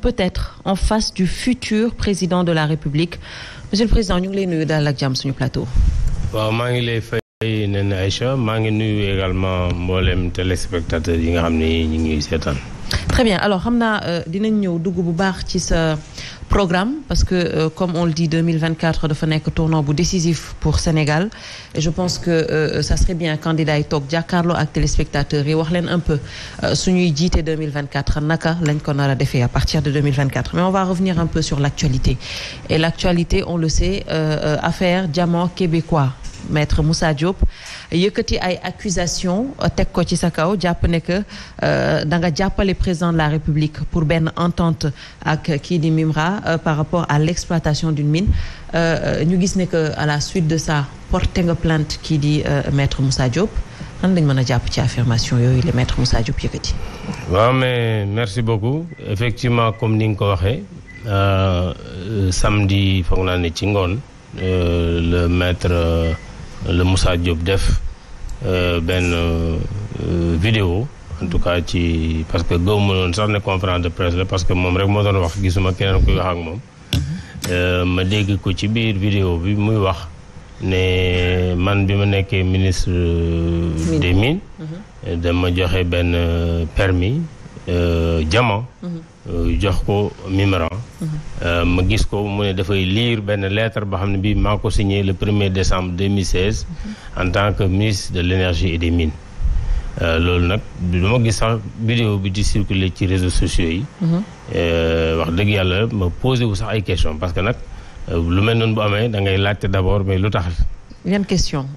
peut-être en face du futur président de la République monsieur le président ñu ngi lay nuyu daal ak jàmm suñu plateau. waaw maa ngi lay fay Nene Aïcha maa ngi nuyu également mboolem téléspectateurs yi nga xam ne ñu ngi seetaan. très bien alors xam naa euh, dinañ ñëw dugg bu baax ci sa programme parce que euh, comme on le dit 2024 dafa nekk tournant bu décisif pour Sénégal et je pense que euh, ça serait bien candidat yi toog jàkkaarloo ak téléspectateurs yi wax leen un peu euh, suñuy jiite 2024 naka lañ ko nar a defee à partir de 2024 mais on va revenir un peu sur l'actualité et l'actualité on le sait euh, maitre Moussa Diop yëkkati ay accusation euh, teg ko ci sa kaw jàpp ne que euh, da nga jàppale président de la République pour benn entente ak kii di Mimra euh, par rapport à l'exploitation d'une mine ñu gis ne que à la suite de ça porté nga plante kii di maître Moussa Diop nan lañ mën a jàpp ci affirmation yooyu le maître Moussa Diop yëkkati. waaw mais merci beaucoup effectivement comme ni nga ko waxee. samedi foog naa ne ci ngoon le maître la Moussa Diop def euh, benn euh, vidéo en tout cas ci parce que gëw ma noonu sax ne conférence de presse la parce que moom rek moo doon wax gisuma keneen kuy wax ak moom euh, ma dégg ko ci biir vidéo bi muy wax ne man bi ma nekkee ministre des mines mhm. dama joxe benn permis diamant mhm. jox ko Mimran Euh, ma gis ko mu ne dafay lire benn lettre boo xam ne bii maa ko signé le premier décembre 2016 en tant que ministre de l' énergie et des mines euh, loolu nag dama gis sax vidéo bi di circuler ci réseaux sociaux yi mhm. euh, wax dëgg yàlla ma posé wu sax ay question parce que nag lu mel noonu bu amee da ngay laajte d' abord mais lu tax yan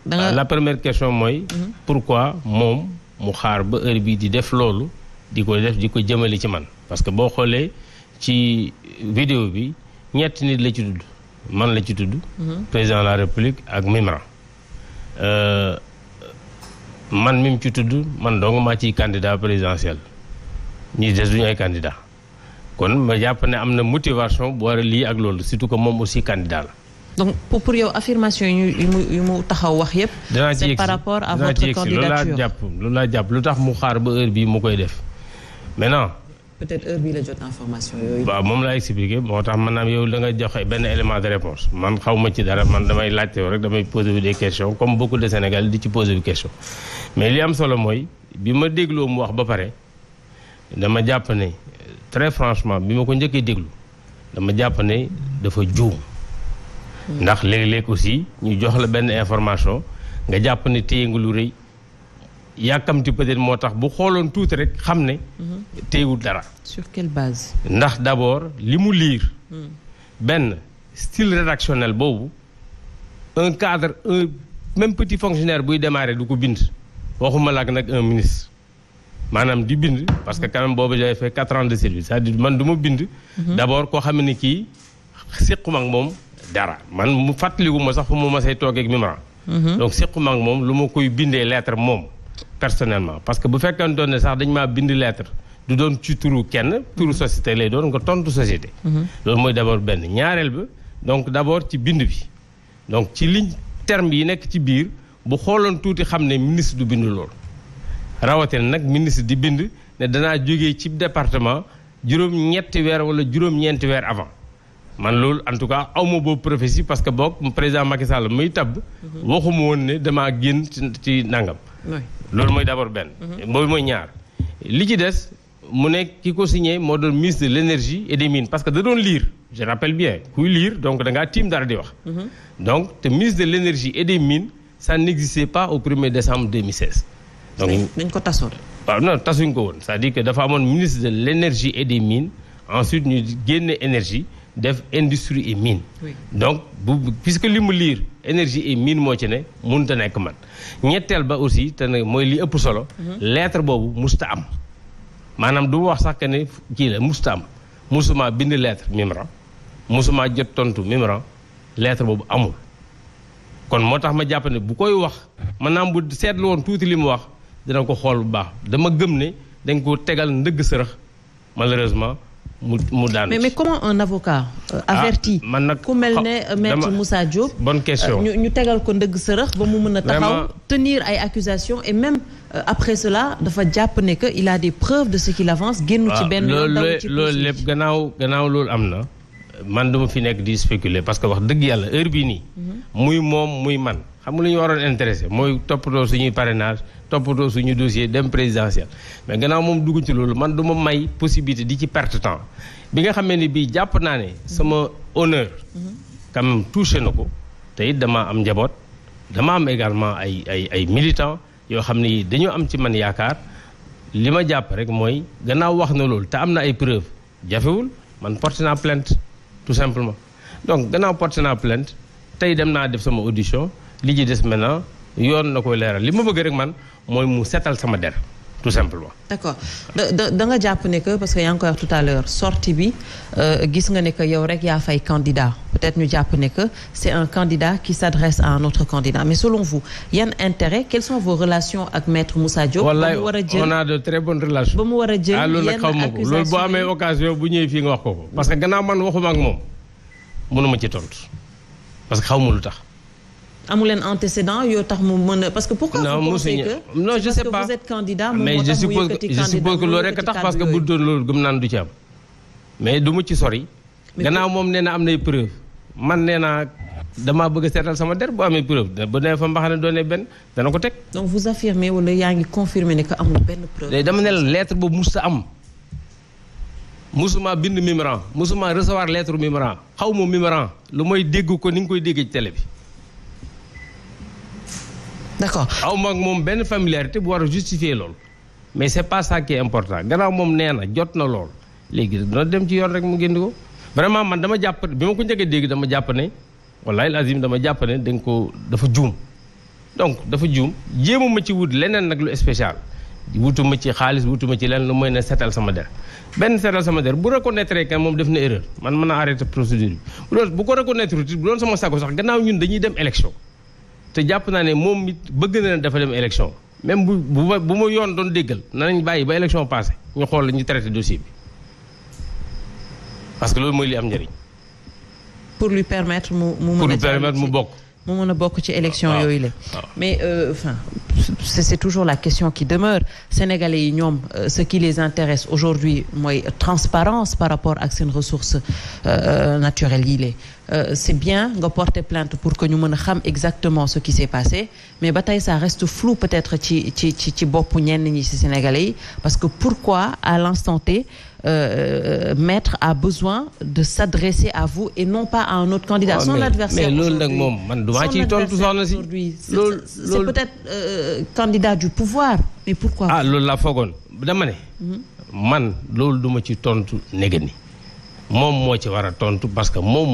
la première question mooy mhm. pourquoi moom mu xaar ba heure bi di def loolu di ko def di ko jëmale ci man parce que boo xoolee ci vidéo bi ñett nit la ci tudd man la ci tudd. Mhm. président la république ak Mimran. Euh, man mim ci tudd man dong maa ciy candidat présidentiel ñi des duñu ay candidat kon ma jàpp ne am na motivation bu war a lii ak loolu surtout que moom aussi candidat la. donc pour yow affirmation yu mu taxaw wax yëpp. dinaa ci yegg loolu laa jàpp lu tax mu xaar ba heure bii mu koy def maintenant. bii la jot information yooyu. waaw moom laa expliqué moo tax maanaam yow da nga joxe benn élément de réponse man xaw ci dara man damay laajte rek damay poser des questions comme beaucoup de Sénégal di ci poser des questions mais li am solo mooy bi ma dégloo mu wax ba pare dama jàpp ne très franchement bi ma ko njëkkee déglu dama jàpp ne dafa juum. Hmm. ndax léeg-léeg aussi ñu jox la benn information nga jàpp ne téye nga lu rëy. yàkkamti peut-être moo tax bu xooloon tuuti rek xam ne. Mhm. téyewul dara. sur quelle base. ndax d'abord li mu liir hmm. benn style rédactionnel boobu un cadre un même petit fonctionnaire buy démarrer du ko bind. waxuma la ak nag un ministre maanaam di bind parce que hmm. quand boobu j'avais fait quatre ans de service c'est-à-dire man du ma bind. Mhm. d'abord koo xam ne kii sequma ak moom dara man mu fàttaliku sax fu mu masay toogee ak Mimran. Mhm. donc sequma ak moom lu ma koy bindee lettre moom. personnellement parce que bu fekkee ne sax dañu maa bind lettre du doon ci turu kenn turu mhm. société lay doon nga tontu société. Mhm. loolu mooy d' benn ñaareel ba donc d' abord ci bind bi donc ci liñ terme yi nekk ci biir bu xooloon tuuti xam ne ministre du bind loolu rawatina nag ministre di bind ne danaa jógee ci département juróom-ñetti weer wala juróom-ñeenti weer avant. man loolu en tout cas awma boobu prophétie parce que book président Macky Sall muy tabb. Mhm. waxuma woon ne damaa génn ci nangam. loolu mooy d' abord benn. boobu mooy ñaar li ci des mu nekk ki ko signé moo doon ministre de l' énergie et des mines parce que da doon liir je rappelle bien kuy liir donc da tiim dara di wax. Mhm. donc te ministre de l' énergie et des mines ça n' existait pas au 1er décembre 2016. donc dañ ko tasoon. waaw non tasuñ ko woon c'est-à-dire que dafa amoon ministre de l' énergie et des mines ensuite ñu génne énergie. def industrie et mine. donc bu puisque li mu liir énergie et mine moo ci ne mënut a nekk man ñetteel ba aussi te ne mooy li ëpp solo. Mhm. lettre boobu musta am. maanaam du wax sax que ne kii la musta am musuma bind lettre Mimran musuma jot tontu Mimran lettre boobu amul. kon moo tax ma jàpp ne bu koy wax maanaam bu seetlu woon tuuti li mu wax dina ko xool bu baax dama gëm ne dañ ko tegal ndëgg sërëx malheureusement. mu mu daan mais comment un avocat. Euh, averti ah, man nag ku mel ne euh, mais Moussa Diop. bonne question euh, ñu ñu tegal ko dëgg sërëx ba mu mën a taxaw tenir ay accusations et même après cela dafa jàpp ne que il a des preuves de ce qu'il avance génnu ci benn. loolu lépp gannaaw gannaaw loolu am na. man duma fi nekk di spéculer parce que wax dëgg yàlla heure bii nii. muy moom muy man xam nga lu ñu waroon intéressé mooy toppatoo suñuy parrainage toppatoo suñu dossier dem présidentiel. mais gannaaw moom dugg ci loolu man du may possibilité di ci perte temps bi nga xamee ni bii jàpp naa ne sama honneur. quand même na ko tey dama am njaboot dama am également ay ay ay militants yoo xam ne dañoo am ci man yaakaar li ma jàpp rek mooy gannaaw wax na loolu te am na ay preuves jafewul tout simplement donc gannaaw porté naa plainte tey dem naa def sama audition li ci des maintenant yoon na ko leeral li ma bëgg rek man mooy mu setal sama der tout simplement. d'accord da jàpp ne que parce que yaa ngi koy wax tout à l'heure sortie bi euh, gis nga ne que yow yaa fay candidat peut-être ñu jàpp ne que c'est un candidat qui s'adresse à un autre candidat mais selon vous yan intérêt quelles vos relations ak maître Moussa Diop. wallaay on a de très bonnes relations. ba mu war a jël ah, yenn accusations loolu boo amee occasion bu ñëwee fii nga wax ko ko. parce que gannaaw man waxuma moom mënuma ci tontu parce que xaw ma lu tax. amu leen antécédent yoo tax mu mën a parce que pourquoi non mosuñu non je sais pas parce que vous êtes candidat mais je suppose je suppose que loolu rek tax parce bu doon loolu gëm naan du ci am mais du mu sori gannaaw moom nee na am nay preuve man nee naa damaa bëgg a seetal sama der bu amee preuve bu nee fa doonee benn dana ko teg donc vous affirmez wala yaa ngi confirmer ne que amul benn preuve dama ne la lettre boobu mus sa am musuma bind mémoire musuma recevoir lettre mémoire xaw ma mémoire lu mooy dégg ko ni nga koy dégg ci bi d' accord aw ma ak moom benn familiarité bu war a justifier loolu mais c' pas ça qui important gannaaw moom nee na jot na lool léegi dina dem ci yoon rek mu génn ko vraiment man dama jàpp bi ma ko njëkkee dégg dama jàpp ne wallaahi azim dama jàpp ne dañ ko dafa juum donc dafa juum jéemuma ci wut leneen nag lu spécial wutuma ci xaalis wutuma ci leneen lu mooy ne seetal sama der benn seetal sama der bu reconnaître que moom def na erreur man mën a arrêté procédure bi bu doon sama sago sax gannaaw ñun dañuy dem élection te jàpp naa ne moom it bëgg na ne dafa dem élection même bu bu ma bu ma yoon doon déggal na nañ bàyyi ba élection passé ñu xool ñu traité dossier bi parce que loolu mooy li am njëriñ. pour lui permettre mu mu mën a. pour lui permettre mu bokk. mu mën a bokk ci élection ah, ah, yooyu la. Ah. mais euh, enfin. c'est toujours la question qui demeure sénégalais yi ñoom euh, ce qui les intéresse aujourd'hui mooy transparence par rapport ak seen ressources euh, euh, naturelles yi lee c'est bien nga porte plainte pour que ñu mën a xam exactement ce qui s'est passé mais ba tey ça reste flou peut-être ci ci ci ci bopp ñenn ñi ci yi parce que pourquoi à l'instant Euh, euh, maître a besoin de s'adresser à vous et non pas à un autre candidat. Ah, son adversaire mais loolu nag moom man duma ci tontu soxna si. loolu c'est peut-être euh, candidat du pouvoir mais pourquoi. ah loolu laa foogoon dama mhm. man loolu duma ci tontu néegani moom moo ci war tontu parce que moom.